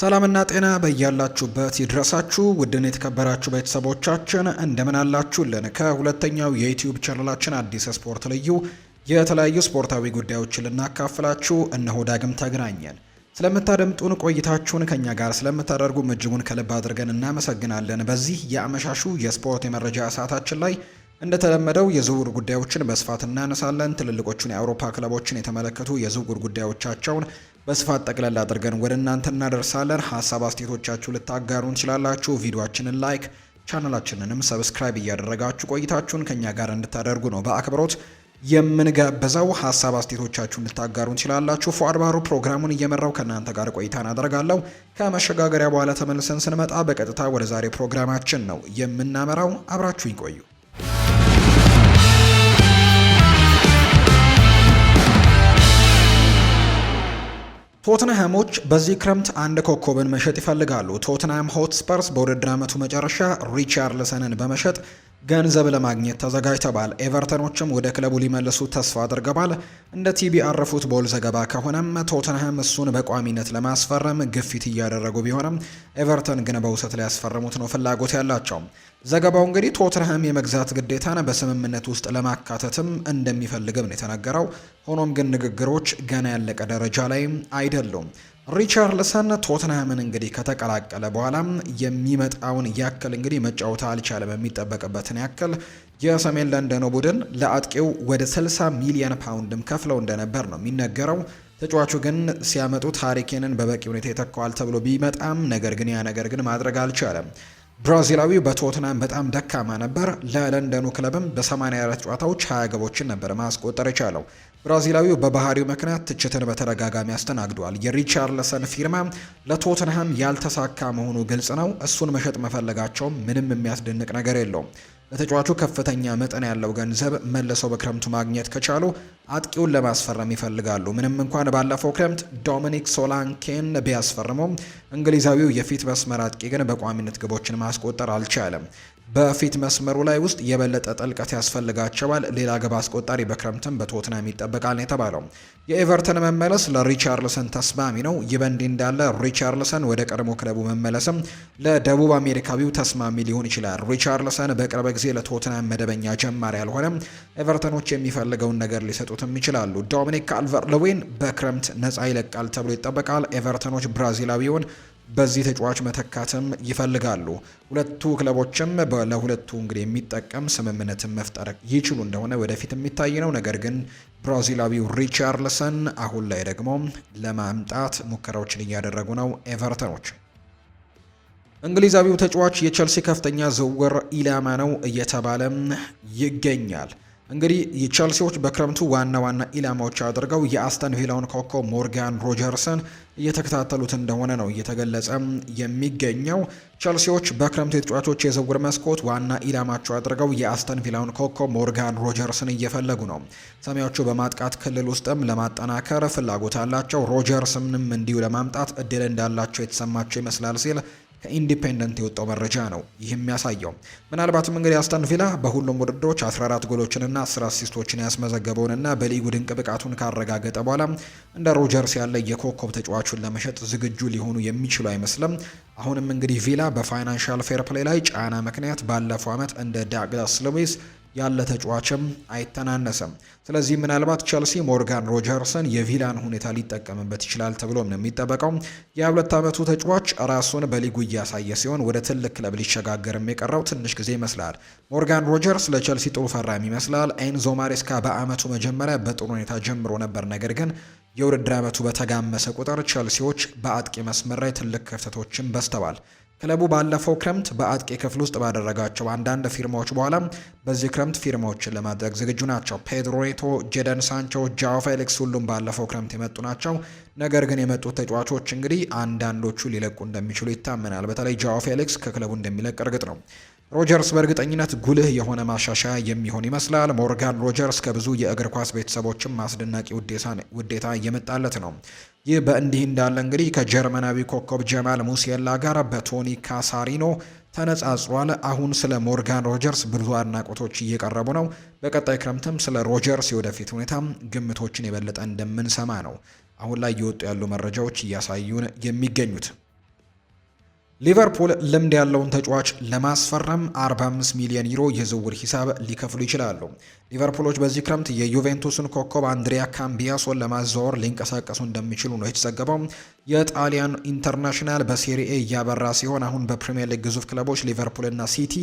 ሰላምና ጤና በያላችሁበት ይድረሳችሁ። ውድን የተከበራችሁ ቤተሰቦቻችን እንደምን አላችሁልን? ከሁለተኛው የዩትዩብ ቻናላችን አዲስ ስፖርት ልዩ የተለያዩ ስፖርታዊ ጉዳዮችን ልናካፍላችሁ እነሆ ዳግም ተገናኘን። ስለምታደምጡን ቆይታችሁን ከኛ ጋር ስለምታደርጉ እጅጉን ከልብ አድርገን እናመሰግናለን። በዚህ የአመሻሹ የስፖርት የመረጃ ሰዓታችን ላይ እንደተለመደው የዝውውር ጉዳዮችን በስፋት እናነሳለን። ትልልቆቹን የአውሮፓ ክለቦችን የተመለከቱ የዝውውር ጉዳዮቻቸውን በስፋት ጠቅለል አድርገን ወደ እናንተ እናደርሳለን። ሀሳብ አስተያየቶቻችሁ ልታጋሩ እንችላላችሁ። ቪዲዮችንን ላይክ ቻናላችንንም ሰብስክራይብ እያደረጋችሁ ቆይታችሁን ከኛ ጋር እንድታደርጉ ነው በአክብሮት የምንጋበዘው። ሀሳብ አስተያየቶቻችሁን ልታጋሩ እንችላላችሁ። ፉአድ ባህሩ ፕሮግራሙን እየመራው ከእናንተ ጋር ቆይታን አደርጋለሁ። ከመሸጋገሪያ በኋላ ተመልሰን ስንመጣ በቀጥታ ወደ ዛሬ ፕሮግራማችን ነው የምናመራው። አብራችሁኝ ቆዩ። ቶትንሃሞች በዚህ ክረምት አንድ ኮከብን መሸጥ ይፈልጋሉ። ቶትንሃም ሆትስፐርስ በውድድር ዓመቱ መጨረሻ ሪቻርልሰንን በመሸጥ ገንዘብ ለማግኘት ተዘጋጅተዋል። ኤቨርተኖችም ወደ ክለቡ ሊመልሱ ተስፋ አድርገዋል። እንደ አረፉት ፉትቦል ዘገባ ከሆነም ቶተንሃም እሱን በቋሚነት ለማስፈረም ግፊት እያደረጉ ቢሆንም ኤቨርተን ግን በውሰት ሊያስፈርሙት ነው ፍላጎት ያላቸው። ዘገባው እንግዲህ ቶትንሃም የመግዛት ግዴታን በስምምነት ውስጥ ለማካተትም እንደሚፈልግም ነው የተነገረው። ሆኖም ግን ንግግሮች ገና ያለቀ ደረጃ ላይ አይደሉም። ሪቻርልሰን ቶትንሃምን እንግዲህ ከተቀላቀለ በኋላ የሚመጣውን ያክል እንግዲህ መጫወት አልቻለም። የሚጠበቅበትን ያክል የሰሜን ለንደኑ ቡድን ለአጥቂው ወደ 60 ሚሊዮን ፓውንድም ከፍለው እንደነበር ነው የሚነገረው። ተጫዋቹ ግን ሲያመጡት ሃሪኬንን በበቂ ሁኔታ ይተካዋል ተብሎ ቢመጣም ነገር ግን ያ ነገር ግን ማድረግ አልቻለም። ብራዚላዊው በቶትናም በጣም ደካማ ነበር። ለለንደኑ ክለብም በ84 ጨዋታዎች 20 ግቦችን ነበር ማስቆጠር የቻለው። ብራዚላዊው በባህሪው ምክንያት ትችትን በተደጋጋሚ አስተናግዷል። የሪቻርልሰን ፊርማ ለቶትንሃም ያልተሳካ መሆኑ ግልጽ ነው። እሱን መሸጥ መፈለጋቸውም ምንም የሚያስደንቅ ነገር የለውም። ለተጫዋቹ ከፍተኛ መጠን ያለው ገንዘብ መልሰው በክረምቱ ማግኘት ከቻሉ አጥቂውን ለማስፈረም ይፈልጋሉ። ምንም እንኳን ባለፈው ክረምት ዶሚኒክ ሶላንኬን ቢያስፈርመው እንግሊዛዊው የፊት መስመር አጥቂ ግን በቋሚነት ግቦችን ማስቆጠር አልቻለም። በፊት መስመሩ ላይ ውስጥ የበለጠ ጥልቀት ያስፈልጋቸዋል። ሌላ ግብ አስቆጣሪ በክረምትም በቶትናም ይጠበቃል ነው የተባለው። የኤቨርተን መመለስ ለሪቻርልሰን ተስማሚ ነው። ይህ በእንዲህ እንዳለ ሪቻርልሰን ወደ ቀድሞ ክለቡ መመለስም ለደቡብ አሜሪካዊው ተስማሚ ሊሆን ይችላል። ሪቻርልሰን በቅርብ ጊዜ ለቶትናም መደበኛ ጀማሪ አልሆነም። ኤቨርተኖች የሚፈልገውን ነገር ሊሰጡትም ይችላሉ። ዶሚኒክ ካልቨርት ለዌን በክረምት ነፃ ይለቃል ተብሎ ይጠበቃል። ኤቨርተኖች ብራዚላዊውን በዚህ ተጫዋች መተካትም ይፈልጋሉ። ሁለቱ ክለቦችም ለሁለቱ እንግዲህ የሚጠቀም ስምምነትን መፍጠር ይችሉ እንደሆነ ወደፊት የሚታይ ነው። ነገር ግን ብራዚላዊው ሪቻርልሰን አሁን ላይ ደግሞ ለማምጣት ሙከራዎችን እያደረጉ ነው ኤቨርተኖች። እንግሊዛዊው ተጫዋች የቸልሲ ከፍተኛ ዝውውር ኢላማ ነው እየተባለም ይገኛል። እንግዲህ ቸልሲዎች በክረምቱ ዋና ዋና ኢላማዎች አድርገው የአስተን ቪላውን ኮኮ ሞርጋን ሮጀርስን እየተከታተሉት እንደሆነ ነው እየተገለጸ የሚገኘው። ቸልሲዎች በክረምቱ የተጫዋቾች የዝውውር መስኮት ዋና ኢላማቸው አድርገው የአስተን ቪላውን ኮኮ ሞርጋን ሮጀርስን እየፈለጉ ነው። ሰሚያዎቹ በማጥቃት ክልል ውስጥም ለማጠናከር ፍላጎት አላቸው። ሮጀርስንም እንዲሁ ለማምጣት እድል እንዳላቸው የተሰማቸው ይመስላል ሲል ከኢንዲፔንደንት የወጣው መረጃ ነው ይህ የሚያሳየው። ምናልባትም እንግዲህ አስተን ቪላ በሁሉም ውድድሮች 14 ጎሎችንና 10 አሲስቶችን ያስመዘገበውንና በሊጉ ድንቅ ብቃቱን ካረጋገጠ በኋላ እንደ ሮጀርስ ያለ የኮከብ ተጫዋቹን ለመሸጥ ዝግጁ ሊሆኑ የሚችሉ አይመስልም። አሁንም እንግዲህ ቪላ በፋይናንሻል ፌር ፕሌይ ላይ ጫና ምክንያት ባለፈው ዓመት እንደ ዳግላስ ሉዊስ ያለ ተጫዋችም አይተናነሰም። ስለዚህ ምናልባት ቸልሲ ሞርጋን ሮጀርስን የቪላን ሁኔታ ሊጠቀምበት ይችላል ተብሎም ነው የሚጠበቀው። የሁለት ዓመቱ ተጫዋች ራሱን በሊጉ እያሳየ ሲሆን ወደ ትልቅ ክለብ ሊሸጋገርም የቀረው ትንሽ ጊዜ ይመስላል። ሞርጋን ሮጀርስ ለቸልሲ ጥሩ ፈራሚ ይመስላል። ኤንዞ ማሬስካ በዓመቱ መጀመሪያ በጥሩ ሁኔታ ጀምሮ ነበር፣ ነገር ግን የውድድር ዓመቱ በተጋመሰ ቁጥር ቸልሲዎች በአጥቂ መስመር ላይ ትልቅ ክፍተቶችን በስተዋል። ክለቡ ባለፈው ክረምት በአጥቂ ክፍል ውስጥ ባደረጋቸው አንዳንድ ፊርማዎች በኋላ በዚህ ክረምት ፊርማዎችን ለማድረግ ዝግጁ ናቸው። ፔድሮ ኔቶ፣ ጄደን ሳንቾ፣ ጃኦ ፌሊክስ ሁሉም ባለፈው ክረምት የመጡ ናቸው። ነገር ግን የመጡት ተጫዋቾች እንግዲህ አንዳንዶቹ ሊለቁ እንደሚችሉ ይታመናል። በተለይ ጃኦ ፌሊክስ ከክለቡ እንደሚለቅ እርግጥ ነው። ሮጀርስ በእርግጠኝነት ጉልህ የሆነ ማሻሻያ የሚሆን ይመስላል። ሞርጋን ሮጀርስ ከብዙ የእግር ኳስ ቤተሰቦችም አስደናቂ ውዴታ እየመጣለት ነው። ይህ በእንዲህ እንዳለ እንግዲህ ከጀርመናዊ ኮከብ ጀማል ሙሴላ ጋር በቶኒ ካሳሪኖ ተነጻጽሯል። አሁን ስለ ሞርጋን ሮጀርስ ብዙ አድናቆቶች እየቀረቡ ነው። በቀጣይ ክረምትም ስለ ሮጀርስ የወደፊት ሁኔታ ግምቶችን የበለጠ እንደምንሰማ ነው አሁን ላይ እየወጡ ያሉ መረጃዎች እያሳዩን የሚገኙት። ሊቨርፑል ልምድ ያለውን ተጫዋች ለማስፈረም 45 ሚሊዮን ዩሮ የዝውውር ሂሳብ ሊከፍሉ ይችላሉ። ሊቨርፑሎች በዚህ ክረምት የዩቬንቱስን ኮከብ አንድሪያ ካምቢያሶን ለማዘዋወር ሊንቀሳቀሱ እንደሚችሉ ነው የተዘገበው። የጣሊያን ኢንተርናሽናል በሴሪኤ እያበራ ሲሆን አሁን በፕሪምየር ሊግ ግዙፍ ክለቦች ሊቨርፑልና ሲቲ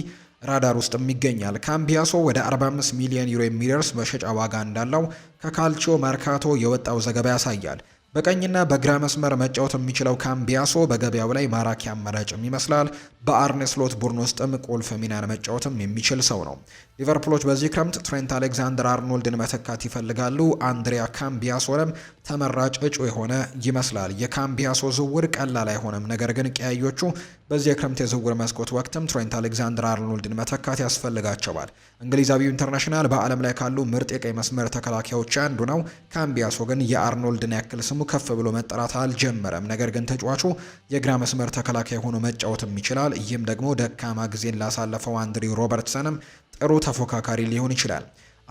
ራዳር ውስጥም ይገኛል። ካምቢያሶ ወደ 45 ሚሊዮን ዩሮ የሚደርስ መሸጫ ዋጋ እንዳለው ከካልቺዮ መርካቶ የወጣው ዘገባ ያሳያል። በቀኝና በግራ መስመር መጫወት የሚችለው ካምቢያሶ በገበያው ላይ ማራኪ አማራጭም ይመስላል። በአርኔስሎት ቡድን ውስጥም ቁልፍ ሚናን መጫወትም የሚችል ሰው ነው። ሊቨርፑሎች በዚህ ክረምት ትሬንት አሌክዛንደር አርኖልድን መተካት ይፈልጋሉ። አንድሪያ ካምቢያሶንም ተመራጭ እጩ የሆነ ይመስላል። የካምቢያሶ ዝውውር ቀላል አይሆንም፣ ነገር ግን ቀያዮቹ በዚህ የክረምት የዝውውር መስኮት ወቅትም ትሬንት አሌክዛንደር አርኖልድን መተካት ያስፈልጋቸዋል። እንግሊዛዊው ኢንተርናሽናል በዓለም ላይ ካሉ ምርጥ የቀይ መስመር ተከላካዮች አንዱ ነው። ካምቢያሶ ግን የአርኖልድን ያክል ስሙ ከፍ ብሎ መጠራት አልጀመረም። ነገር ግን ተጫዋቹ የግራ መስመር ተከላካይ ሆኖ መጫወትም ይችላል። ይህም ደግሞ ደካማ ጊዜን ላሳለፈው አንድሪው ሮበርትሰንም ጥሩ ተፎካካሪ ሊሆን ይችላል።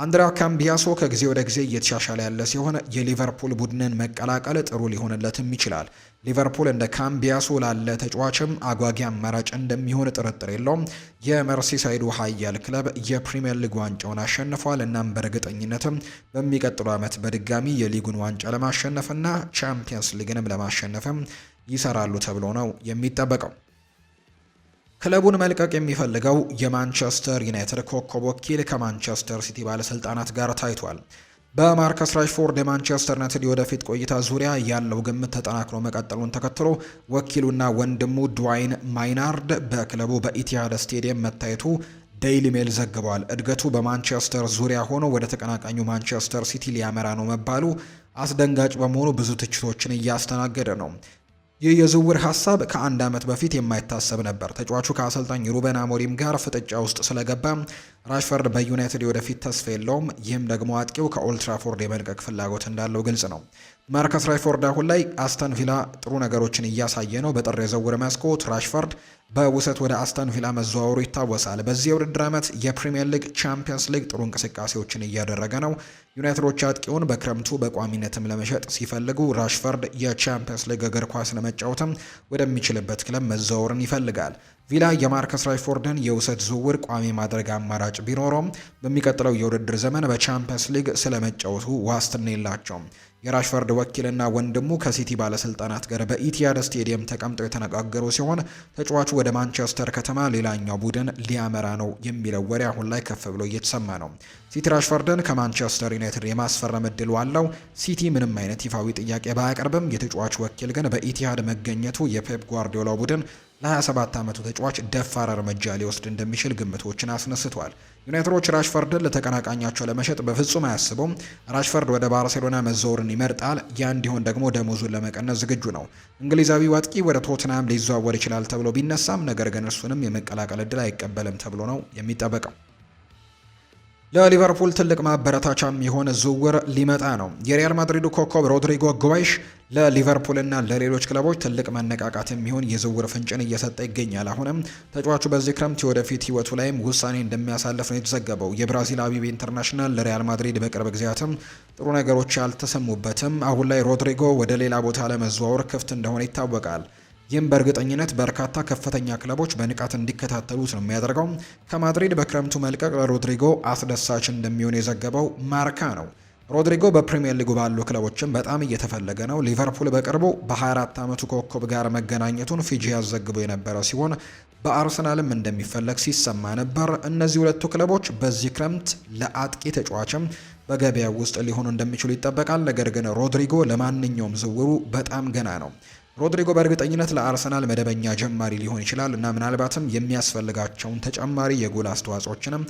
አንድራ ካምቢያሶ ከጊዜ ወደ ጊዜ እየተሻሻለ ያለ ሲሆን የሊቨርፑል ቡድንን መቀላቀል ጥሩ ሊሆንለትም ይችላል። ሊቨርፑል እንደ ካምቢያሶ ላለ ተጫዋችም አጓጊ አማራጭ እንደሚሆን ጥርጥር የለውም። የመርሲሳይዱ ኃያል ክለብ የፕሪምየር ሊግ ዋንጫውን አሸንፏል። እናም በእርግጠኝነትም በሚቀጥሉ ዓመት በድጋሚ የሊጉን ዋንጫ ለማሸነፍና ቻምፒየንስ ሊግንም ለማሸነፍም ይሰራሉ ተብሎ ነው የሚጠበቀው። ክለቡን መልቀቅ የሚፈልገው የማንቸስተር ዩናይትድ ኮከብ ወኪል ከማንቸስተር ሲቲ ባለስልጣናት ጋር ታይቷል። በማርከስ ራሽፎርድ የማንቸስተር ዩናይትድ የወደፊት ቆይታ ዙሪያ ያለው ግምት ተጠናክሮ መቀጠሉን ተከትሎ ወኪሉና ወንድሙ ድዋይን ማይናርድ በክለቡ በኢቲሃድ ስቴዲየም መታየቱ ዴይሊ ሜል ዘግቧል። እድገቱ በማንቸስተር ዙሪያ ሆኖ ወደ ተቀናቃኙ ማንቸስተር ሲቲ ሊያመራ ነው መባሉ አስደንጋጭ በመሆኑ ብዙ ትችቶችን እያስተናገደ ነው። ይህ የዝውውር ሀሳብ ከአንድ ዓመት በፊት የማይታሰብ ነበር። ተጫዋቹ ከአሰልጣኝ ሩበን አሞሪም ጋር ፍጥጫ ውስጥ ስለገባ ራሽፈርድ በዩናይትድ የወደፊት ተስፋ የለውም። ይህም ደግሞ አጥቂው ከኦልትራፎርድ የመልቀቅ ፍላጎት እንዳለው ግልጽ ነው። ማርከስ ራሽፎርድ አሁን ላይ አስተን ቪላ ጥሩ ነገሮችን እያሳየ ነው። በጥር የዝውውር መስኮት ራሽፎርድ በውሰት ወደ አስተን ቪላ መዘዋወሩ ይታወሳል። በዚህ የውድድር ዓመት የፕሪምየር ሊግ፣ ቻምፒየንስ ሊግ ጥሩ እንቅስቃሴዎችን እያደረገ ነው። ዩናይትዶች አጥቂውን በክረምቱ በቋሚነትም ለመሸጥ ሲፈልጉ ራሽፎርድ የቻምፒየንስ ሊግ እግር ኳስ ለመጫወትም ወደሚችልበት ክለብ መዘዋወርን ይፈልጋል። ቪላ የማርከስ ራሽፎርድን የውሰት ዝውውር ቋሚ ማድረግ አማራጭ ቢኖረውም በሚቀጥለው የውድድር ዘመን በቻምፒየንስ ሊግ ስለመጫወቱ ዋስትና የላቸውም። የራሽፈርድ ወኪልና ወንድሙ ከሲቲ ባለስልጣናት ጋር በኢቲያድ ስቴዲየም ተቀምጠው የተነጋገሩ ሲሆን ተጫዋቹ ወደ ማንቸስተር ከተማ ሌላኛው ቡድን ሊያመራ ነው የሚለው ወሬ አሁን ላይ ከፍ ብሎ እየተሰማ ነው። ሲቲ ራሽፈርድን ከማንቸስተር ዩናይትድ የማስፈረም እድል አለው። ሲቲ ምንም አይነት ይፋዊ ጥያቄ ባያቀርብም የተጫዋቹ ወኪል ግን በኢቲያድ መገኘቱ የፔፕ ጓርዲዮላ ቡድን ለ27 ዓመቱ ተጫዋች ደፋር እርምጃ ሊወስድ እንደሚችል ግምቶችን አስነስቷል። ዩናይትዶች ራሽፈርድን ለተቀናቃኛቸው ለመሸጥ በፍጹም አያስቡም። ራሽፈርድ ወደ ባርሴሎና መዘወርን ይመርጣል። ያ እንዲሆን ደግሞ ደሞዙን ለመቀነስ ዝግጁ ነው። እንግሊዛዊ አጥቂ ወደ ቶትናም ሊዘዋወር ይችላል ተብሎ ቢነሳም ነገር ግን እርሱንም የመቀላቀል እድል አይቀበልም ተብሎ ነው የሚጠበቀው። ለሊቨርፑል ትልቅ ማበረታቻም የሆነ ዝውውር ሊመጣ ነው። የሪያል ማድሪዱ ኮከብ ሮድሪጎ ጉባይሽ ለሊቨርፑልና ለሌሎች ክለቦች ትልቅ መነቃቃት የሚሆን የዝውውር ፍንጭን እየሰጠ ይገኛል። አሁንም ተጫዋቹ በዚህ ክረምት የወደፊት ሕይወቱ ላይም ውሳኔ እንደሚያሳልፍ ነው የተዘገበው። የብራዚል አቢብ ኢንተርናሽናል ለሪያል ማድሪድ በቅርብ ጊዜያትም ጥሩ ነገሮች ያልተሰሙበትም፣ አሁን ላይ ሮድሪጎ ወደ ሌላ ቦታ ለመዘዋወር ክፍት እንደሆነ ይታወቃል። ይህም በእርግጠኝነት በርካታ ከፍተኛ ክለቦች በንቃት እንዲከታተሉት ነው የሚያደርገው። ከማድሪድ በክረምቱ መልቀቅ ለሮድሪጎ አስደሳች እንደሚሆን የዘገበው ማርካ ነው። ሮድሪጎ በፕሪምየር ሊጉ ባሉ ክለቦችም በጣም እየተፈለገ ነው። ሊቨርፑል በቅርቡ በ24 ዓመቱ ኮከብ ጋር መገናኘቱን ፊጂ ያዘግቡ የነበረ ሲሆን በአርሰናልም እንደሚፈለግ ሲሰማ ነበር። እነዚህ ሁለቱ ክለቦች በዚህ ክረምት ለአጥቂ ተጫዋችም በገበያ ውስጥ ሊሆኑ እንደሚችሉ ይጠበቃል። ነገር ግን ሮድሪጎ ለማንኛውም ዝውውሩ በጣም ገና ነው። ሮድሪጎ በእርግጠኝነት ለአርሰናል መደበኛ ጀማሪ ሊሆን ይችላል እና ምናልባትም የሚያስፈልጋቸውን ተጨማሪ የጎል አስተዋጽኦችንም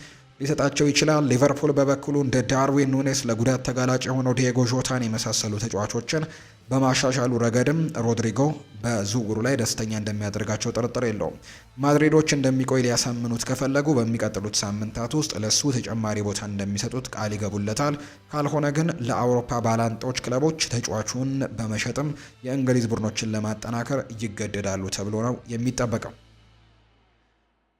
ሊሰጣቸው ይችላል። ሊቨርፑል በበኩሉ እንደ ዳርዊን ኑኔስ ለጉዳት ተጋላጭ የሆነው ዲየጎ ዦታን የመሳሰሉ ተጫዋቾችን በማሻሻሉ ረገድም ሮድሪጎ በዝውውሩ ላይ ደስተኛ እንደሚያደርጋቸው ጥርጥር የለውም። ማድሪዶች እንደሚቆይ ሊያሳምኑት ከፈለጉ በሚቀጥሉት ሳምንታት ውስጥ ለሱ ተጨማሪ ቦታ እንደሚሰጡት ቃል ይገቡለታል። ካልሆነ ግን ለአውሮፓ ባላንጦች ክለቦች ተጫዋቹን በመሸጥም የእንግሊዝ ቡድኖችን ለማጠናከር ይገደዳሉ ተብሎ ነው የሚጠበቀው።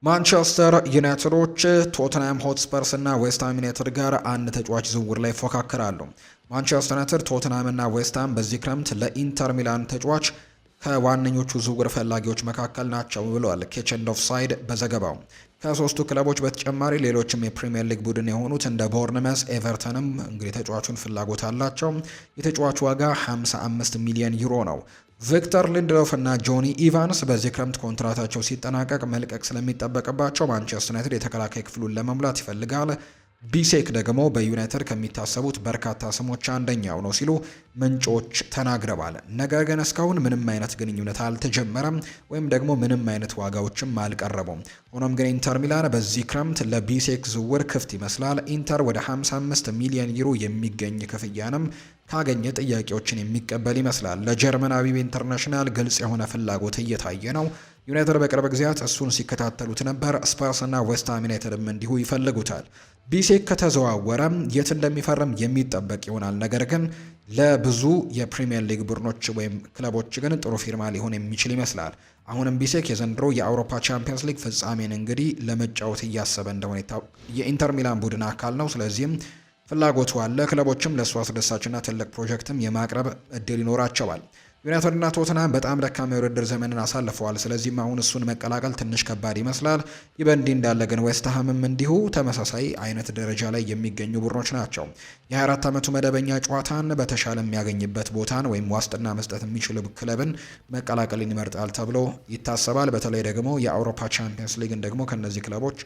ማንቸስተር ዩናይትዶች ቶትናም ሆትስፐርስ እና ዌስትሃም ዩናይትድ ጋር አንድ ተጫዋች ዝውውር ላይ ይፎካከራሉ። ማንቸስተር ዩናይትድ፣ ቶትናም እና ዌስትሃም በዚህ ክረምት ለኢንተር ሚላን ተጫዋች ከዋነኞቹ ዝውውር ፈላጊዎች መካከል ናቸው ብለዋል ኬቸንድ ኦፍ ሳይድ በዘገባው። ከሶስቱ ክለቦች በተጨማሪ ሌሎችም የፕሪምየር ሊግ ቡድን የሆኑት እንደ ቦርንመስ፣ ኤቨርተንም እንግዲህ ተጫዋቹን ፍላጎት አላቸው። የተጫዋቹ ዋጋ 55 ሚሊዮን ዩሮ ነው። ቪክተር ሊንድሎፍ እና ጆኒ ኢቫንስ በዚህ ክረምት ኮንትራታቸው ሲጠናቀቅ መልቀቅ ስለሚጠበቅባቸው ማንቸስተር ዩናይትድ የተከላካይ ክፍሉን ለመሙላት ይፈልጋል። ቢሴክ ደግሞ በዩናይትድ ከሚታሰቡት በርካታ ስሞች አንደኛው ነው ሲሉ ምንጮች ተናግረዋል። ነገር ግን እስካሁን ምንም አይነት ግንኙነት አልተጀመረም ወይም ደግሞ ምንም አይነት ዋጋዎችም አልቀረቡም። ሆኖም ግን ኢንተር ሚላን በዚህ ክረምት ለቢሴክ ዝውውር ክፍት ይመስላል። ኢንተር ወደ 55 ሚሊዮን ዩሮ የሚገኝ ክፍያንም ካገኘ ጥያቄዎችን የሚቀበል ይመስላል። ለጀርመናዊው ኢንተርናሽናል ግልጽ የሆነ ፍላጎት እየታየ ነው። ዩናይትድ በቅርብ ጊዜያት እሱን ሲከታተሉት ነበር። ስፐርስ እና ዌስትሃም ዩናይትድም እንዲሁ ይፈልጉታል። ቢሴክ ከተዘዋወረም የት እንደሚፈርም የሚጠበቅ ይሆናል። ነገር ግን ለብዙ የፕሪምየር ሊግ ቡድኖች ወይም ክለቦች ግን ጥሩ ፊርማ ሊሆን የሚችል ይመስላል። አሁንም ቢሴክ የዘንድሮ የአውሮፓ ቻምፒየንስ ሊግ ፍጻሜን እንግዲህ ለመጫወት እያሰበ እንደሆነ የኢንተር ሚላን ቡድን አካል ነው። ስለዚህም ፍላጎቱ አለ። ክለቦችም ለእሱ አስደሳችና ትልቅ ፕሮጀክትም የማቅረብ እድል ይኖራቸዋል። ዩናይትድና ቶትናም በጣም ደካማ የውድድር ዘመንን አሳልፈዋል። ስለዚህም አሁን እሱን መቀላቀል ትንሽ ከባድ ይመስላል። ይህ በእንዲህ እንዳለ ግን ዌስትሃምም እንዲሁ ተመሳሳይ አይነት ደረጃ ላይ የሚገኙ ቡድኖች ናቸው። የ24 ዓመቱ መደበኛ ጨዋታን በተሻለ የሚያገኝበት ቦታን ወይም ዋስጥና መስጠት የሚችል ክለብን መቀላቀልን ይመርጣል ተብሎ ይታሰባል። በተለይ ደግሞ የአውሮፓ ቻምፒየንስ ሊግን ደግሞ ከእነዚህ ክለቦች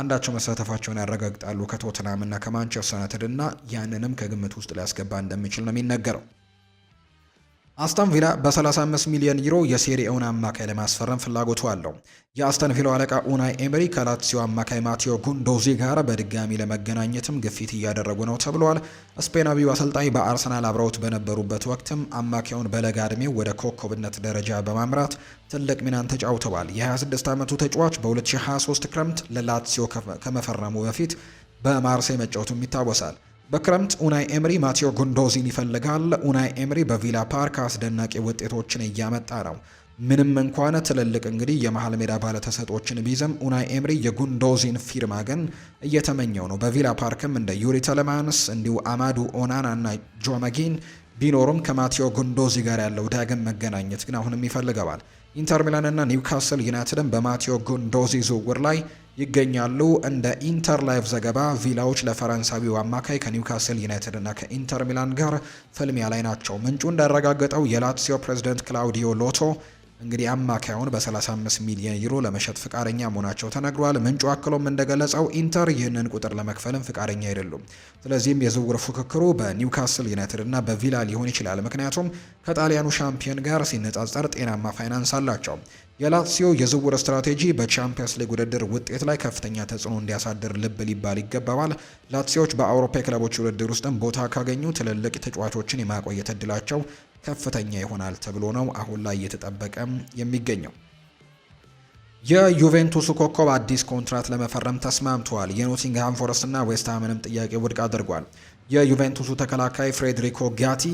አንዳቸው መሳተፋቸውን ያረጋግጣሉ ከቶትናም እና ከማንቸስተር ዩናይትድ እና ያንንም ከግምት ውስጥ ሊያስገባ እንደሚችል ነው የሚነገረው። አስተን ቪላ በ35 ሚሊዮን ዩሮ የሴሪኤውን አማካይ ለማስፈረም ፍላጎቱ አለው። የአስተን ቪላው አለቃ ኡናይ ኤምሪ ከላትሲዮ አማካይ ማቴዮ ጉንዶዚ ጋር በድጋሚ ለመገናኘትም ግፊት እያደረጉ ነው ተብሏል። ስፔናዊው አሰልጣኝ በአርሰናል አብረውት በነበሩበት ወቅትም አማካዩን በለጋ ዕድሜው ወደ ኮከብነት ደረጃ በማምራት ትልቅ ሚናን ተጫውተዋል። የ26 ዓመቱ ተጫዋች በ2023 ክረምት ለላትሲዮ ከመፈረሙ በፊት በማርሴይ መጫወቱም ይታወሳል። በክረምት ኡናይ ኤምሪ ማቴዎ ጉንዶዚን ይፈልጋል። ኡናይ ኤምሪ በቪላ ፓርክ አስደናቂ ውጤቶችን እያመጣ ነው። ምንም እንኳን ትልልቅ እንግዲህ የመሀል ሜዳ ባለተሰጦችን ቢዝም ኡናይ ኤምሪ የጉንዶዚን ፊርማ ግን እየተመኘው ነው። በቪላ ፓርክም እንደ ዩሪ ተለማንስ እንዲሁ አማዱ ኦናና እና ጆመጊን ቢኖሩም ከማቴዎ ጉንዶዚ ጋር ያለው ዳግም መገናኘት ግን አሁንም ይፈልገዋል። ኢንተር ሚላን እና ኒውካስል ዩናይትድን በማቴዎ ጉንዶዚ ዝውውር ላይ ይገኛሉ። እንደ ኢንተር ላይቭ ዘገባ ቪላዎች ለፈረንሳዊው አማካይ ከኒውካስል ዩናይትድ እና ከኢንተር ሚላን ጋር ፍልሚያ ላይ ናቸው። ምንጩ እንዳረጋገጠው የላትሲዮ ፕሬዚደንት ክላውዲዮ ሎቶ እንግዲህ አማካዩን በ35 ሚሊዮን ዩሮ ለመሸጥ ፍቃደኛ መሆናቸው ተነግሯል። ምንጩ አክሎም እንደገለጸው ኢንተር ይህንን ቁጥር ለመክፈልም ፍቃደኛ አይደሉም። ስለዚህም የዝውውር ፉክክሩ በኒውካስል ዩናይትድ እና በቪላ ሊሆን ይችላል። ምክንያቱም ከጣሊያኑ ሻምፒዮን ጋር ሲነጻጸር ጤናማ ፋይናንስ አላቸው። የላሲዮ የዝውውር ስትራቴጂ በቻምፒየንስ ሊግ ውድድር ውጤት ላይ ከፍተኛ ተጽዕኖ እንዲያሳድር ልብ ሊባል ይገባል። ላሲዮች በአውሮፓ የክለቦች ውድድር ውስጥም ቦታ ካገኙ ትልልቅ ተጫዋቾችን የማቆየት እድላቸው ከፍተኛ ይሆናል ተብሎ ነው አሁን ላይ እየተጠበቀም የሚገኘው። የዩቬንቱስ ኮከብ አዲስ ኮንትራት ለመፈረም ተስማምተዋል። የኖቲንግሃም ፎረስትና ዌስትሃምንም ጥያቄ ውድቅ አድርጓል። የዩቬንቱሱ ተከላካይ ፍሬድሪኮ ጋቲ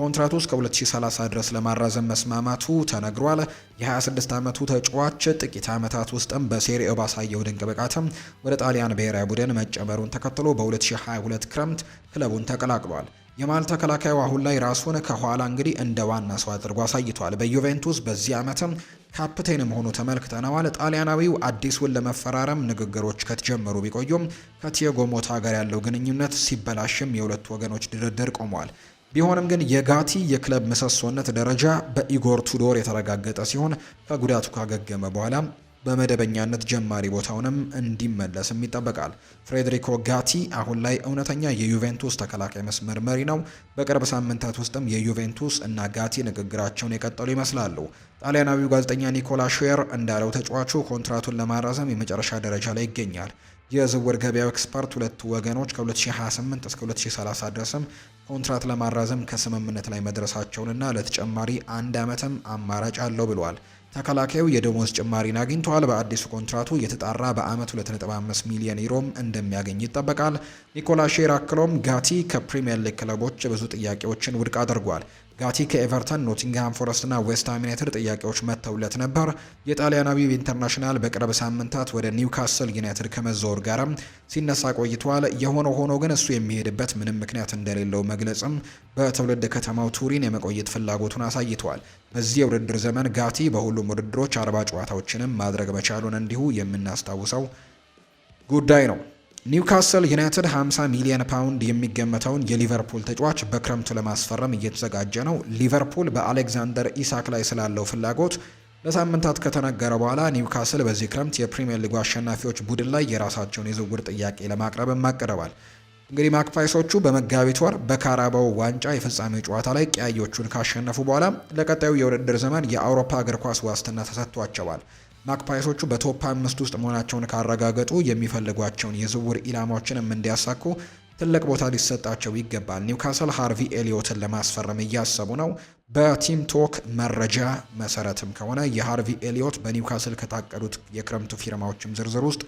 ኮንትራቱ እስከ 2030 ድረስ ለማራዘም መስማማቱ ተነግሯል። የ26 ዓመቱ ተጫዋች ጥቂት ዓመታት ውስጥም በሴሪኤው ባሳየው ድንቅ ብቃትም ወደ ጣሊያን ብሔራዊ ቡድን መጨመሩን ተከትሎ በ2022 ክረምት ክለቡን ተቀላቅሏል። የማል ተከላካዩ አሁን ላይ ራሱን ከኋላ እንግዲህ እንደ ዋና ሰው አድርጎ አሳይቷል። በዩቬንቱስ በዚህ ዓመትም ካፕቴን መሆኑ ተመልክተነዋል። ጣሊያናዊው አዲሱን ለመፈራረም ንግግሮች ከተጀመሩ ቢቆዩም ከቲያጎ ሞታ ጋር ያለው ግንኙነት ሲበላሽም የሁለቱ ወገኖች ድርድር ቆሟል። ቢሆንም ግን የጋቲ የክለብ ምሰሶነት ደረጃ በኢጎር ቱዶር የተረጋገጠ ሲሆን ከጉዳቱ ካገገመ በኋላ በመደበኛነት ጀማሪ ቦታውንም እንዲመለስም ይጠበቃል። ፍሬድሪኮ ጋቲ አሁን ላይ እውነተኛ የዩቬንቱስ ተከላካይ መስመር መሪ ነው። በቅርብ ሳምንታት ውስጥም የዩቬንቱስ እና ጋቲ ንግግራቸውን የቀጠሉ ይመስላሉ። ጣሊያናዊው ጋዜጠኛ ኒኮላ ሼር እንዳለው ተጫዋቹ ኮንትራቱን ለማራዘም የመጨረሻ ደረጃ ላይ ይገኛል። የዝውውር ገበያው ኤክስፐርት ሁለቱ ወገኖች ከ2028 እስከ 2030 ድረስም ኮንትራት ለማራዘም ከስምምነት ላይ መድረሳቸውንና ለተጨማሪ አንድ ዓመትም አማራጭ አለው ብለዋል። ተከላካዩ የደሞዝ ጭማሪን አግኝተዋል። በአዲሱ ኮንትራቱ የተጣራ በአመት 2.5 ሚሊዮን ዩሮም እንደሚያገኝ ይጠበቃል። ኒኮላ ሼር አክሎም ጋቲ ከፕሪምየር ሊግ ክለቦች ብዙ ጥያቄዎችን ውድቅ አድርጓል። ጋቲ ከኤቨርተን፣ ኖቲንግሃም ፎረስት ና ዌስትሃም ዩናይትድ ጥያቄዎች መጥተውለት ነበር። የጣሊያናዊው ኢንተርናሽናል በቅርብ ሳምንታት ወደ ኒውካስል ዩናይትድ ከመዘወር ጋርም ሲነሳ ቆይተዋል። የሆነ ሆኖ ግን እሱ የሚሄድበት ምንም ምክንያት እንደሌለው መግለጽም በትውልድ ከተማው ቱሪን የመቆየት ፍላጎቱን አሳይተዋል። በዚህ የውድድር ዘመን ጋቲ በሁሉም ውድድሮች አርባ ጨዋታዎችንም ማድረግ መቻሉን እንዲሁ የምናስታውሰው ጉዳይ ነው። ኒውካስል ዩናይትድ 50 ሚሊዮን ፓውንድ የሚገመተውን የሊቨርፑል ተጫዋች በክረምቱ ለማስፈረም እየተዘጋጀ ነው። ሊቨርፑል በአሌክዛንደር ኢሳክ ላይ ስላለው ፍላጎት ለሳምንታት ከተነገረ በኋላ ኒውካስል በዚህ ክረምት የፕሪምየር ሊጉ አሸናፊዎች ቡድን ላይ የራሳቸውን የዝውውር ጥያቄ ለማቅረብ አቅደዋል። እንግዲህ ማክፓይሶቹ በመጋቢት ወር በካራባው ዋንጫ የፍጻሜ ጨዋታ ላይ ቀያዮቹን ካሸነፉ በኋላ ለቀጣዩ የውድድር ዘመን የአውሮፓ እግር ኳስ ዋስትና ተሰጥቷቸዋል። ማክፓይሶቹ በቶፕ አምስት ውስጥ መሆናቸውን ካረጋገጡ የሚፈልጓቸውን የዝውውር ኢላማዎችንም እንዲያሳኩ ትልቅ ቦታ ሊሰጣቸው ይገባል። ኒውካስል ሃርቪ ኤሊዮትን ለማስፈረም እያሰቡ ነው። በቲም ቶክ መረጃ መሰረትም ከሆነ የሃርቪ ኤሊዮት በኒውካስል ከታቀዱት የክረምቱ ፊርማዎችም ዝርዝር ውስጥ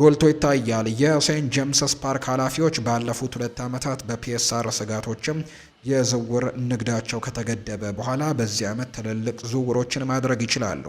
ጎልቶ ይታያል። የሴንት ጄምስስ ፓርክ ኃላፊዎች ባለፉት ሁለት ዓመታት በፒኤስአር ስጋቶችም የዝውውር ንግዳቸው ከተገደበ በኋላ በዚህ ዓመት ትልልቅ ዝውውሮችን ማድረግ ይችላሉ።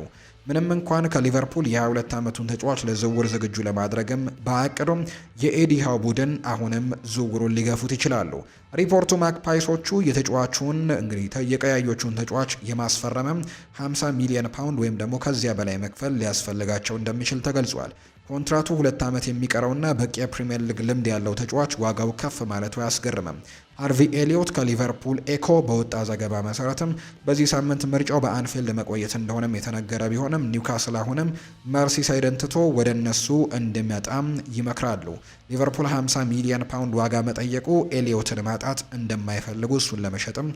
ምንም እንኳን ከሊቨርፑል የ22 ዓመቱን ተጫዋች ለዝውውር ዝግጁ ለማድረግም በአቅዶም የኤዲሃው ቡድን አሁንም ዝውውሩን ሊገፉት ይችላሉ። ሪፖርቱ ማክፓይሶቹ የተጫዋቹን እንግዲህ የቀያዮቹን ተጫዋች የማስፈረመም 50 ሚሊዮን ፓውንድ ወይም ደግሞ ከዚያ በላይ መክፈል ሊያስፈልጋቸው እንደሚችል ተገልጿል። ኮንትራቱ ሁለት ዓመት የሚቀረውና በቂ የፕሪምየር ሊግ ልምድ ያለው ተጫዋች ዋጋው ከፍ ማለቱ አያስገርምም። ሃርቪ ኤሊዮት ከሊቨርፑል ኤኮ በወጣ ዘገባ መሰረትም በዚህ ሳምንት ምርጫው በአንፊልድ መቆየት እንደሆነም የተነገረ ቢሆንም ኒውካስል አሁንም መርሲሳይድን ትቶ ወደ እነሱ እንደሚያጣም ይመክራሉ። ሊቨርፑል 50 ሚሊዮን ፓውንድ ዋጋ መጠየቁ ኤሊዮትን ማጣት እንደማይፈልጉ እሱን ለመሸጥም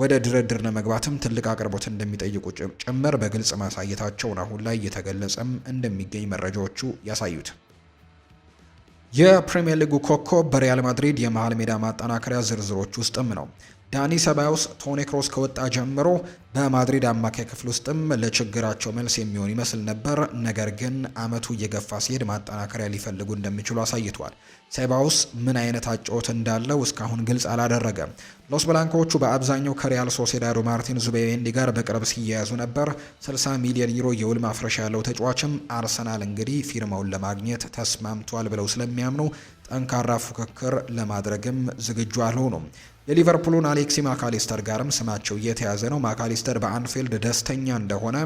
ወደ ድርድር ለመግባትም ትልቅ አቅርቦት እንደሚጠይቁ ጭምር በግልጽ ማሳየታቸውን አሁን ላይ እየተገለጸም እንደሚገኝ መረጃዎቹ ያሳዩት። የፕሪምየር ሊጉ ኮከብ በሪያል ማድሪድ የመሃል ሜዳ ማጠናከሪያ ዝርዝሮች ውስጥም ነው። ዳኒ ሰባዮስ ቶኒ ክሮስ ከወጣ ጀምሮ በማድሪድ አማካይ ክፍል ውስጥም ለችግራቸው መልስ የሚሆን ይመስል ነበር። ነገር ግን አመቱ እየገፋ ሲሄድ ማጠናከሪያ ሊፈልጉ እንደሚችሉ አሳይቷል። ሰባዮስ ምን አይነት አጨዋወት እንዳለው እስካሁን ግልጽ አላደረገም። ሎስ ብላንኮዎቹ በአብዛኛው ከሪያል ሶሴዳዶ ማርቲን ዙቤሜንዲ ጋር በቅርብ ሲያያዙ ነበር። 60 ሚሊዮን ዩሮ የውል ማፍረሻ ያለው ተጫዋችም አርሰናል እንግዲህ ፊርማውን ለማግኘት ተስማምቷል ብለው ስለሚያምኑ ጠንካራ ፉክክር ለማድረግም ዝግጁ አልሆኑም። የሊቨርፑሉን አሌክሲ ማካሊስተር ጋርም ስማቸው እየተያዘ ነው። ማካሊስተር በአንፊልድ ደስተኛ እንደሆነ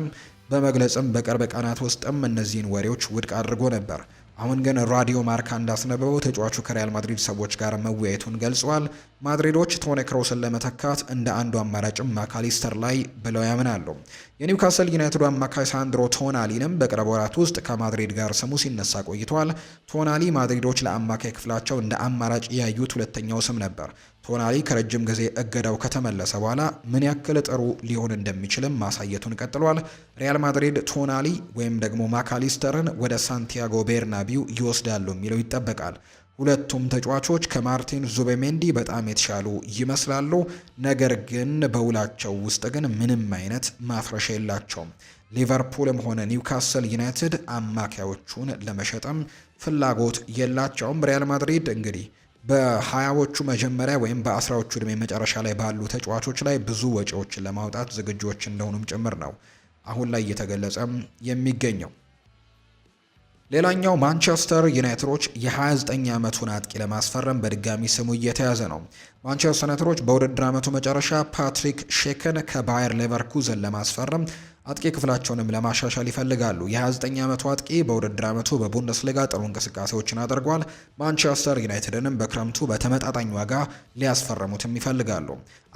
በመግለጽም በቅርብ ቀናት ውስጥም እነዚህን ወሬዎች ውድቅ አድርጎ ነበር። አሁን ግን ራዲዮ ማርካ እንዳስነበበው ተጫዋቹ ከሪያል ማድሪድ ሰዎች ጋር መወያየቱን ገልጿል። ማድሪዶች ቶኒ ክሮስን ለመተካት እንደ አንዱ አማራጭም ማካሊስተር ላይ ብለው ያምናሉ። የኒውካስል ዩናይትዱ አማካይ ሳንድሮ ቶናሊንም በቅርብ ወራት ውስጥ ከማድሪድ ጋር ስሙ ሲነሳ ቆይቷል። ቶናሊ ማድሪዶች ለአማካይ ክፍላቸው እንደ አማራጭ ያዩት ሁለተኛው ስም ነበር። ቶናሊ ከረጅም ጊዜ እገዳው ከተመለሰ በኋላ ምን ያክል ጥሩ ሊሆን እንደሚችልም ማሳየቱን ቀጥሏል። ሪያል ማድሪድ ቶናሊ ወይም ደግሞ ማካሊስተርን ወደ ሳንቲያጎ ቤርናቢው ይወስዳሉ የሚለው ይጠበቃል። ሁለቱም ተጫዋቾች ከማርቲን ዙቤሜንዲ በጣም የተሻሉ ይመስላሉ። ነገር ግን በውላቸው ውስጥ ግን ምንም አይነት ማፍረሻ የላቸውም። ሊቨርፑልም ሆነ ኒውካስል ዩናይትድ አማካዮቹን ለመሸጥም ፍላጎት የላቸውም። ሪያል ማድሪድ እንግዲህ በሀያዎቹ መጀመሪያ ወይም በአስራዎቹ ዕድሜ መጨረሻ ላይ ባሉ ተጫዋቾች ላይ ብዙ ወጪዎችን ለማውጣት ዝግጆች እንደሆኑም ጭምር ነው አሁን ላይ እየተገለጸም የሚገኘው። ሌላኛው ማንቸስተር ዩናይትዶች የ29 ዓመቱን አጥቂ ለማስፈረም በድጋሚ ስሙ እየተያዘ ነው። ማንቸስተር ዩናይትዶች በውድድር ዓመቱ መጨረሻ ፓትሪክ ሼከን ከባየር ሌቨርኩዘን ለማስፈረም አጥቂ ክፍላቸውንም ለማሻሻል ይፈልጋሉ። የ29 ዓመቱ አጥቂ በውድድር ዓመቱ በቡንደስሊጋ ጥሩ እንቅስቃሴዎችን አድርጓል። ማንቸስተር ዩናይትድንም በክረምቱ በተመጣጣኝ ዋጋ ሊያስፈርሙትም ይፈልጋሉ።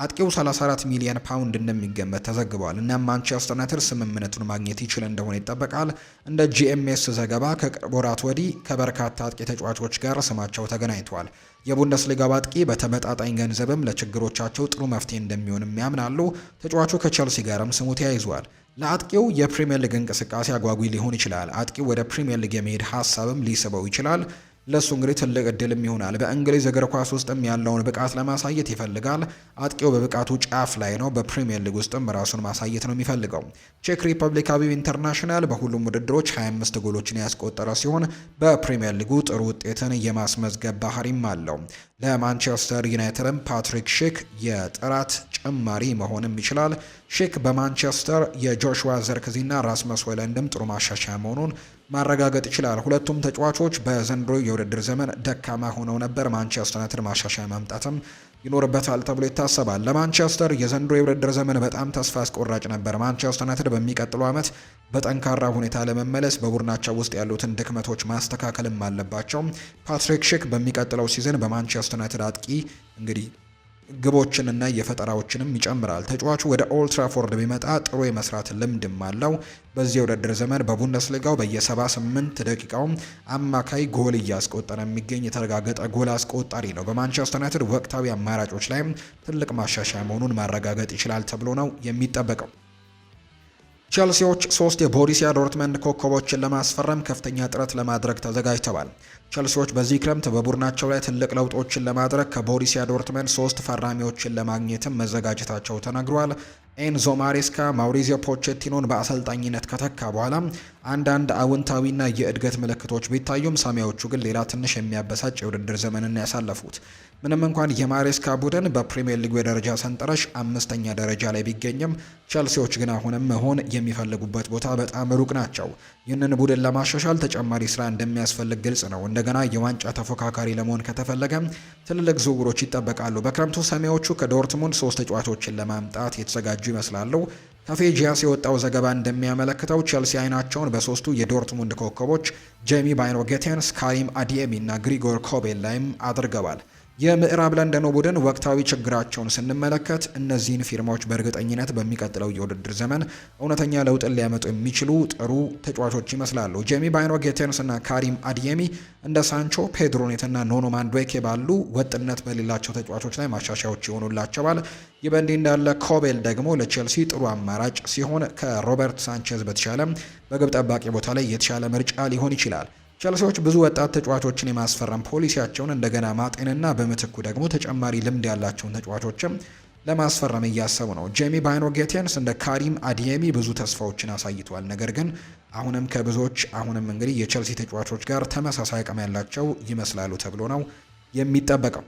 አጥቂው 34 ሚሊዮን ፓውንድ እንደሚገመት ተዘግቧል። እናም ማንቸስተር ዩናይትድ ስምምነቱን ማግኘት ይችል እንደሆነ ይጠበቃል። እንደ ጂኤምኤስ ዘገባ ከቅርብ ወራት ወዲህ ከበርካታ አጥቂ ተጫዋቾች ጋር ስማቸው ተገናኝቷል። የቡንደስሊጋ አጥቂ በተመጣጣኝ ገንዘብም ለችግሮቻቸው ጥሩ መፍትሄ እንደሚሆንም ያምናሉ። ተጫዋቹ ከቸልሲ ጋርም ስሙ ተያይዟል። ለአጥቂው የፕሪምየር ሊግ እንቅስቃሴ አጓጊ ሊሆን ይችላል። አጥቂው ወደ ፕሪምየር ሊግ የመሄድ ሀሳብም ሊስበው ይችላል። ለእሱ እንግዲህ ትልቅ እድልም ይሆናል። በእንግሊዝ እግር ኳስ ውስጥም ያለውን ብቃት ለማሳየት ይፈልጋል። አጥቂው በብቃቱ ጫፍ ላይ ነው። በፕሪምየር ሊግ ውስጥም ራሱን ማሳየት ነው የሚፈልገው። ቼክ ሪፐብሊካዊው ኢንተርናሽናል በሁሉም ውድድሮች 25 ጎሎችን ያስቆጠረ ሲሆን በፕሪምየር ሊጉ ጥሩ ውጤትን የማስመዝገብ ባህሪም አለው። ለማንቸስተር ዩናይትድም ፓትሪክ ሺክ የጥራት ጭማሪ መሆንም ይችላል። ሺክ በማንቸስተር የጆሹዋ ዘርክዚና ራስመስ ሆይለንድም ጥሩ ማሻሻያ መሆኑን ማረጋገጥ ይችላል። ሁለቱም ተጫዋቾች በዘንድሮ የውድድር ዘመን ደካማ ሆነው ነበር። ማንቸስተር ዩናይትድ ማሻሻያ ማምጣትም ይኖርበታል ተብሎ ይታሰባል። ለማንቸስተር የዘንድሮ የውድድር ዘመን በጣም ተስፋ አስቆራጭ ነበር። ማንቸስተር ዩናይትድ በሚቀጥለው ዓመት በጠንካራ ሁኔታ ለመመለስ በቡድናቸው ውስጥ ያሉትን ድክመቶች ማስተካከልም አለባቸው። ፓትሪክ ሽክ በሚቀጥለው ሲዝን በማንቸስተር ዩናይትድ አጥቂ እንግዲህ ግቦችንና የፈጠራዎችንም ይጨምራል። ተጫዋቹ ወደ ኦልትራፎርድ ቢመጣ ጥሩ የመስራት ልምድም አለው። በዚህ የውድድር ዘመን በቡንደስሊጋው በየ78 ደቂቃውም አማካይ ጎል እያስቆጠረ የሚገኝ የተረጋገጠ ጎል አስቆጣሪ ነው። በማንቸስተር ዩናይትድ ወቅታዊ አማራጮች ላይም ትልቅ ማሻሻያ መሆኑን ማረጋገጥ ይችላል ተብሎ ነው የሚጠበቀው። ቸልሲዎች ሶስት የቦሪሲያ ዶርትመንድ ኮከቦችን ለማስፈረም ከፍተኛ ጥረት ለማድረግ ተዘጋጅተዋል። ቸልሲዎች በዚህ ክረምት በቡድናቸው ላይ ትልቅ ለውጦችን ለማድረግ ከቦሪሲያ ዶርትመንድ ሶስት ፈራሚዎችን ለማግኘትም መዘጋጀታቸው ተነግሯል። ኤንዞ ማሬስካ ማውሪዚዮ ፖቼቲኖን በአሰልጣኝነት ከተካ በኋላ አንዳንድ አውንታዊና የእድገት ምልክቶች ቢታዩም ሰማያዎቹ ግን ሌላ ትንሽ የሚያበሳጭ የውድድር ዘመንን ያሳለፉት። ምንም እንኳን የማሬስካ ቡድን በፕሪምየር ሊጉ የደረጃ ሰንጠረዥ አምስተኛ ደረጃ ላይ ቢገኝም፣ ቸልሲዎች ግን አሁንም መሆን የሚፈልጉበት ቦታ በጣም ሩቅ ናቸው። ይህንን ቡድን ለማሻሻል ተጨማሪ ስራ እንደሚያስፈልግ ግልጽ ነው። እንደገና የዋንጫ ተፎካካሪ ለመሆን ከተፈለገ ትልልቅ ዝውውሮች ይጠበቃሉ። በክረምቱ ሰማያዎቹ ከዶርትሙንድ ሶስት ተጫዋቾችን ለማምጣት የተዘጋጁ ይመስላሉ። ከፌጂያስ የወጣው ዘገባ እንደሚያመለክተው ቸልሲ አይናቸውን በሶስቱ የዶርትሙንድ ኮከቦች ጄሚ ባይኖ ጌቴንስ፣ ካሪም አዲየሚ እና ግሪጎር ኮቤል ላይም አድርገዋል። የምዕራብ ለንደኑ ቡድን ወቅታዊ ችግራቸውን ስንመለከት እነዚህን ፊርማዎች በእርግጠኝነት በሚቀጥለው የውድድር ዘመን እውነተኛ ለውጥን ሊያመጡ የሚችሉ ጥሩ ተጫዋቾች ይመስላሉ። ጄሚ ባይኖ እና ካሪም አድየሚ እንደ ሳንቾ፣ ፔድሮ ኔትና ኖኖ ማንዶኬ ባሉ ወጥነት በሌላቸው ተጫዋቾች ላይ ማሻሻያዎች ይሆኑላቸዋል። ይህ በእንዲህ እንዳለ ኮቤል ደግሞ ለቼልሲ ጥሩ አማራጭ ሲሆን ከሮበርት ሳንቼዝ በተሻለ በግብ ጠባቂ ቦታ ላይ የተሻለ ምርጫ ሊሆን ይችላል። ቸልሲዎች ብዙ ወጣት ተጫዋቾችን የማስፈረም ፖሊሲያቸውን እንደገና ማጤንና በምትኩ ደግሞ ተጨማሪ ልምድ ያላቸውን ተጫዋቾችም ለማስፈረም እያሰቡ ነው። ጄሚ ባይኖ ጌቴንስ እንደ ካሪም አዲየሚ ብዙ ተስፋዎችን አሳይቷል። ነገር ግን አሁንም ከብዙዎች አሁንም እንግዲህ የቸልሲ ተጫዋቾች ጋር ተመሳሳይ አቅም ያላቸው ይመስላሉ ተብሎ ነው የሚጠበቀው።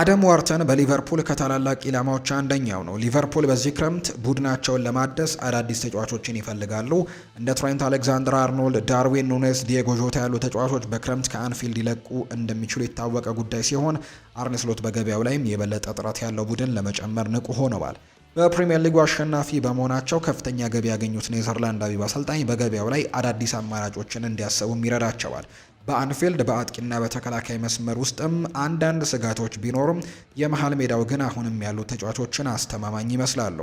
አደም ዋርተን በሊቨርፑል ከታላላቅ ኢላማዎች አንደኛው ነው። ሊቨርፑል በዚህ ክረምት ቡድናቸውን ለማደስ አዳዲስ ተጫዋቾችን ይፈልጋሉ። እንደ ትሬንት አሌክዛንደር አርኖልድ፣ ዳርዊን ኑኔስ፣ ዲየጎ ጆታ ያሉ ተጫዋቾች በክረምት ከአንፊልድ ይለቁ እንደሚችሉ የታወቀ ጉዳይ ሲሆን አርኔ ስሎት በገበያው ላይም የበለጠ ጥረት ያለው ቡድን ለመጨመር ንቁ ሆነዋል። በፕሪምየር ሊጉ አሸናፊ በመሆናቸው ከፍተኛ ገቢ ያገኙት ኔዘርላንዳዊው አሰልጣኝ በገበያው ላይ አዳዲስ አማራጮችን እንዲያሰቡም ይረዳቸዋል። በአንፊልድ በአጥቂና በተከላካይ መስመር ውስጥም አንዳንድ ስጋቶች ቢኖሩም የመሀል ሜዳው ግን አሁንም ያሉ ተጫዋቾችን አስተማማኝ ይመስላሉ።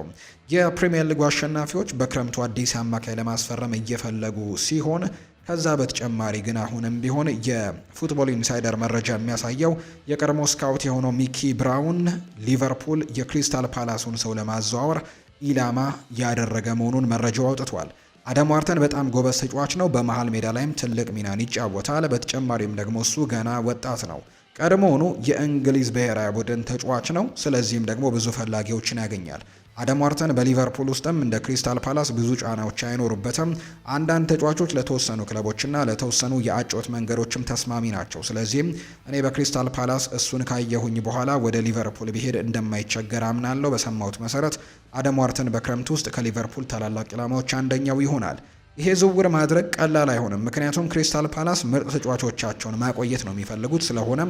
የፕሪምየር ሊጉ አሸናፊዎች በክረምቱ አዲስ አማካይ ለማስፈረም እየፈለጉ ሲሆን ከዛ በተጨማሪ ግን አሁንም ቢሆን የፉትቦል ኢንሳይደር መረጃ የሚያሳየው የቀድሞ ስካውት የሆነው ሚኪ ብራውን ሊቨርፑል የክሪስታል ፓላሱን ሰው ለማዘዋወር ኢላማ ያደረገ መሆኑን መረጃው አውጥቷል። አዳም ዋርተን በጣም ጎበዝ ተጫዋች ነው። በመሃል ሜዳ ላይም ትልቅ ሚናን ይጫወታል። በተጨማሪም ደግሞ እሱ ገና ወጣት ነው። ቀድሞውኑ የእንግሊዝ ብሔራዊ ቡድን ተጫዋች ነው። ስለዚህም ደግሞ ብዙ ፈላጊዎችን ያገኛል። አደም ዋርተን በሊቨርፑል ውስጥም እንደ ክሪስታል ፓላስ ብዙ ጫናዎች አይኖሩበትም። አንዳንድ ተጫዋቾች ለተወሰኑ ክለቦችና ለተወሰኑ የአጮት መንገዶችም ተስማሚ ናቸው። ስለዚህም እኔ በክሪስታል ፓላስ እሱን ካየሁኝ በኋላ ወደ ሊቨርፑል ብሄድ እንደማይቸገር አምናለሁ። በሰማሁት መሰረት አደም ዋርተን በክረምት ውስጥ ከሊቨርፑል ታላላቅ ኢላማዎች አንደኛው ይሆናል። ይሄ ዝውውር ማድረግ ቀላል አይሆንም፣ ምክንያቱም ክሪስታል ፓላስ ምርጥ ተጫዋቾቻቸውን ማቆየት ነው የሚፈልጉት። ስለሆነም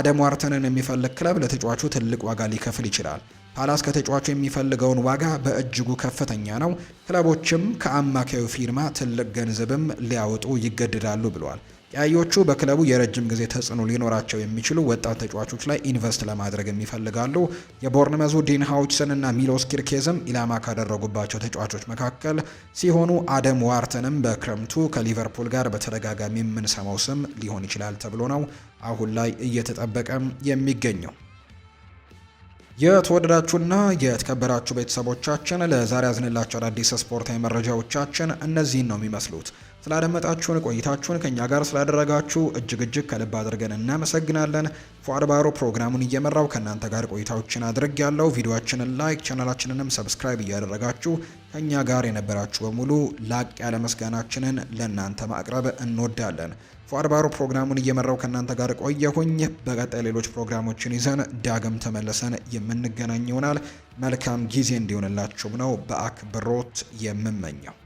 አደም ዋርተንን የሚፈልግ ክለብ ለተጫዋቹ ትልቅ ዋጋ ሊከፍል ይችላል። ፓላስ ከተጫዋቹ የሚፈልገውን ዋጋ በእጅጉ ከፍተኛ ነው። ክለቦችም ከአማካዩ ፊርማ ትልቅ ገንዘብም ሊያወጡ ይገደዳሉ ብለዋል። ቀያዮቹ በክለቡ የረጅም ጊዜ ተጽዕኖ ሊኖራቸው የሚችሉ ወጣት ተጫዋቾች ላይ ኢንቨስት ለማድረግ የሚፈልጋሉ። የቦርንመዙ ዲን ሃውችሰን እና ሚሎስ ኪርኬዝም ኢላማ ካደረጉባቸው ተጫዋቾች መካከል ሲሆኑ አደም ዋርተንም በክረምቱ ከሊቨርፑል ጋር በተደጋጋሚ የምንሰማው ስም ሊሆን ይችላል ተብሎ ነው አሁን ላይ እየተጠበቀም የሚገኘው። የተወደዳችሁና የተከበራችሁ ቤተሰቦቻችን ለዛሬ ያዝንላችሁ አዳዲስ ስፖርታዊ መረጃዎቻችን እነዚህን ነው የሚመስሉት። ስላደመጣችሁን ቆይታችሁን ከእኛ ጋር ስላደረጋችሁ እጅግ እጅግ ከልብ አድርገን እናመሰግናለን። ፏድ ባሮ ፕሮግራሙን እየመራው ከእናንተ ጋር ቆይታዎችን አድርግ ያለው ቪዲዮችንን ላይክ ቻናላችንንም ሰብስክራይብ እያደረጋችሁ ከእኛ ጋር የነበራችሁ በሙሉ ላቅ ያለ ምስጋናችንን ለእናንተ ማቅረብ እንወዳለን። ፏድ ፕሮግራሙን እየመራው ከእናንተ ጋር ቆየሁኝ። በቀጣይ ሌሎች ፕሮግራሞችን ይዘን ዳግም ተመልሰን የምንገናኝ ይሆናል። መልካም ጊዜ እንዲሆንላችሁም ነው በአክብሮት የምመኘው።